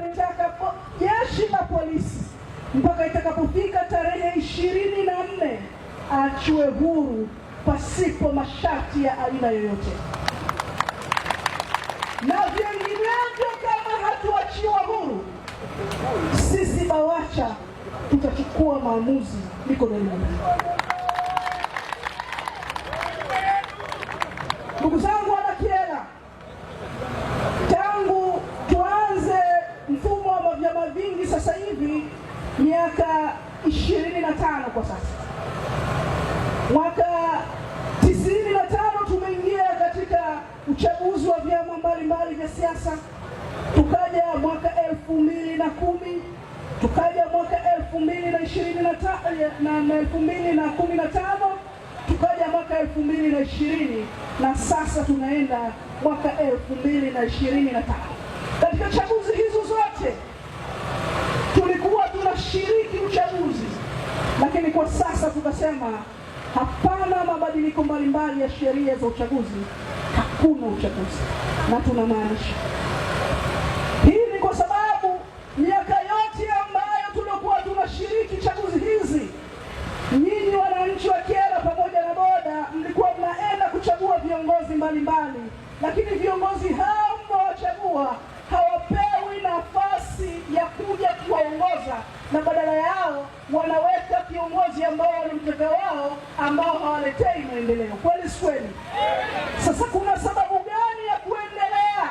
Litakapo jeshi la polisi mpaka itakapofika tarehe ishirini na nne aachue huru pasipo masharti ya aina yoyote, na vinginevyo kama hatuachiwa huru, sisi BAWACHA tutachukua maamuzi mikononi mwetu, ndugu zangu. kwa sasa. Mwaka tisini na tano tumeingia katika uchaguzi wa vyama mbalimbali vya siasa, tukaja mwaka elfu mbili na kumi tukaja mwaka elfu mbili na ishirini na na elfu mbili na kumi na tano tukaja mwaka elfu mbili na ishirini na sasa tunaenda mwaka elfu mbili na ishirini na tano katika Lakini kwa sasa tukasema hapana mabadiliko mbalimbali ya sheria za uchaguzi, hakuna uchaguzi. Na tunamaanisha hii ni kwa sababu miaka yote ambayo tuliokuwa tunashiriki chaguzi hizi, nyinyi wananchi wa Kyela pamoja na boda, mlikuwa mnaenda kuchagua viongozi mbalimbali mbali, lakini viongozi hatuletei maendeleo, kweli si Sasa kuna sababu gani ya kuendelea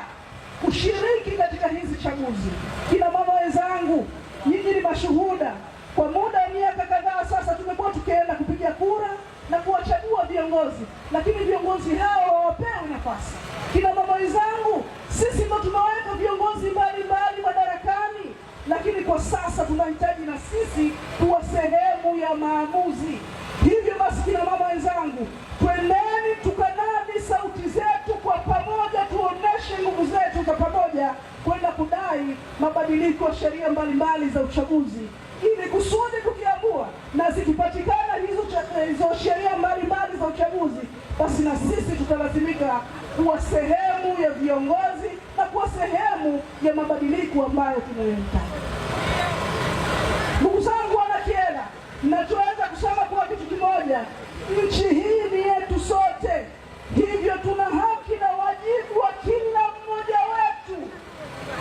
kushiriki katika hizi chaguzi? Kina mama wenzangu, nyinyi ni mashuhuda. Kwa muda wa miaka kadhaa sasa tumekuwa tukienda kupiga kura na kuwachagua viongozi, lakini viongozi hao hawapewi nafasi. Kina mama wenzangu, sisi ndo tunaweka viongozi mbalimbali madarakani, lakini kwa sasa tunahitaji na sisi kuwa sehemu ya maamuzi wenzangu, twendeni tukanadi sauti zetu kwa pamoja, tuoneshe nguvu zetu kwa pamoja kwenda kudai mabadiliko ya sheria mbalimbali za uchaguzi, ili kusudi tukiamua na zikipatikana hizo, hizo sheria mbalimbali za uchaguzi, basi na sisi tutalazimika kuwa sehemu ya viongozi na kuwa sehemu ya mabadiliko ambayo tunayohitaji. tuna haki na wajibu wa kila mmoja wetu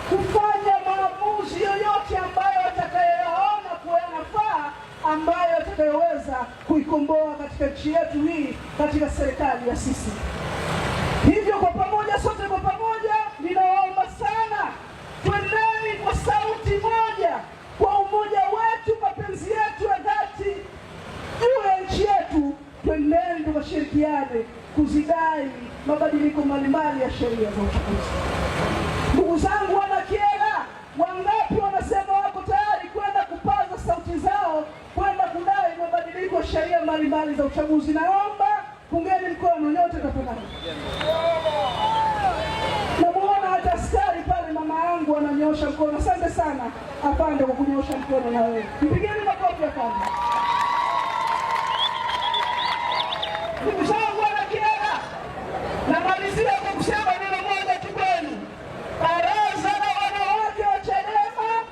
kufanya maamuzi yoyote ambayo atakayoyaona kuwa yanafaa, ambayo atakayoweza kuikomboa katika nchi yetu hii, katika serikali ya sisi. Hivyo kwa pamoja, sote kwa pamoja tushirikiane kuzidai mabadiliko mbalimbali ya sheria za uchaguzi. Ndugu zangu wana Kyela, wangapi wanasema wako tayari kwenda kupaza sauti zao kwenda kudai mabadiliko ya sheria mbalimbali za uchaguzi? Naomba kungeni mkono nyote tafadhali. Namuona hata askari pale mama yangu ananyosha mkono. Asante sana afande kwa kunyosha mkono, na wewe mpigeni makofi afande. Ndugu zangu wana Kyela, namalizia kwa kusema neno moja tu kwenu. Baraza la wanawake wa Chadema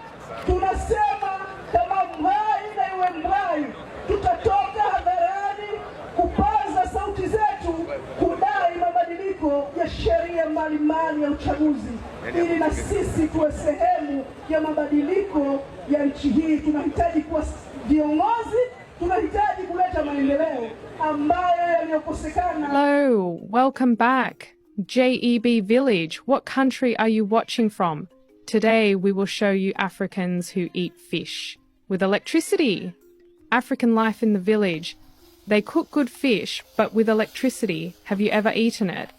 tunasema kama mhai na iwe mhai, tutatoka hadharani kupaza sauti zetu kudai mabadiliko ya sheria mbalimbali ya uchaguzi ili na sisi tuwe sehemu ya mabadiliko ya nchi hii. Tunahitaji kuwa viongozi, tunahitaji kuleta maendeleo. Hello, welcome back. JEB Village, what country are you watching from? Today we will show you Africans who eat fish with electricity. African life in the village. They cook good fish, but with electricity. Have you ever eaten it?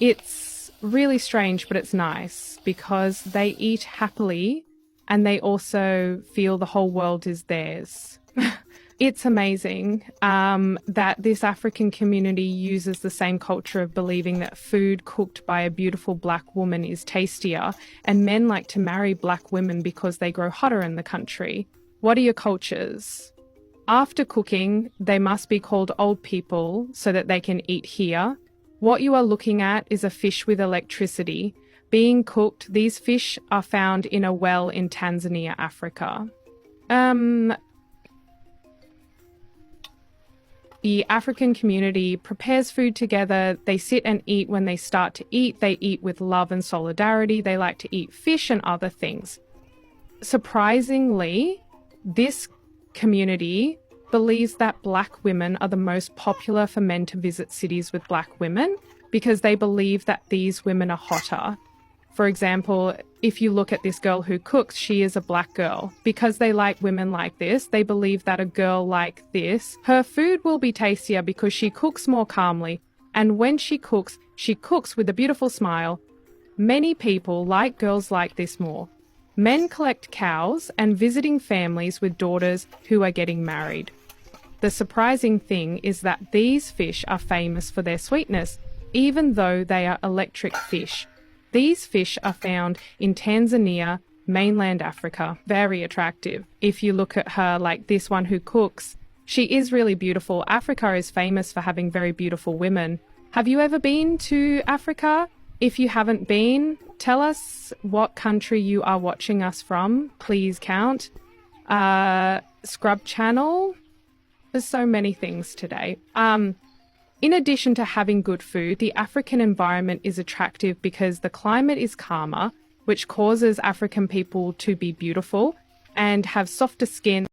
It's really strange, but it's nice because they eat happily and they also feel the whole world is theirs. it's amazing um, that this African community uses the same culture of believing that food cooked by a beautiful black woman is tastier, and men like to marry black women because they grow hotter in the country. What are your cultures? After cooking, they must be called old people so that they can eat here. What you are looking at is a fish with electricity. Being cooked, these fish are found in a well in Tanzania, Africa. Um, the African community prepares food together. They sit and eat when they start to eat. They eat with love and solidarity. They like to eat fish and other things. Surprisingly, this community believes that black women are the most popular for men to visit cities with black women because they believe that these women are hotter for example, if you look at this girl who cooks, she is a black girl. Because they like women like this, they believe that a girl like this, her food will be tastier because she cooks more calmly. And when she cooks, she cooks with a beautiful smile. Many people like girls like this more. Men collect cows and visiting families with daughters who are getting married. The surprising thing is that these fish are famous for their sweetness, even though they are electric fish these fish are found in Tanzania, mainland Africa. Very attractive. If you look at her like this one who cooks, she is really beautiful. Africa is famous for having very beautiful women. Have you ever been to Africa? If you haven't been, tell us what country you are watching us from. Please count. Uh, Scrub Channel. There's so many things today. Um, in addition to having good food, the African environment is attractive because the climate is calmer, which causes African people to be beautiful and have softer skin.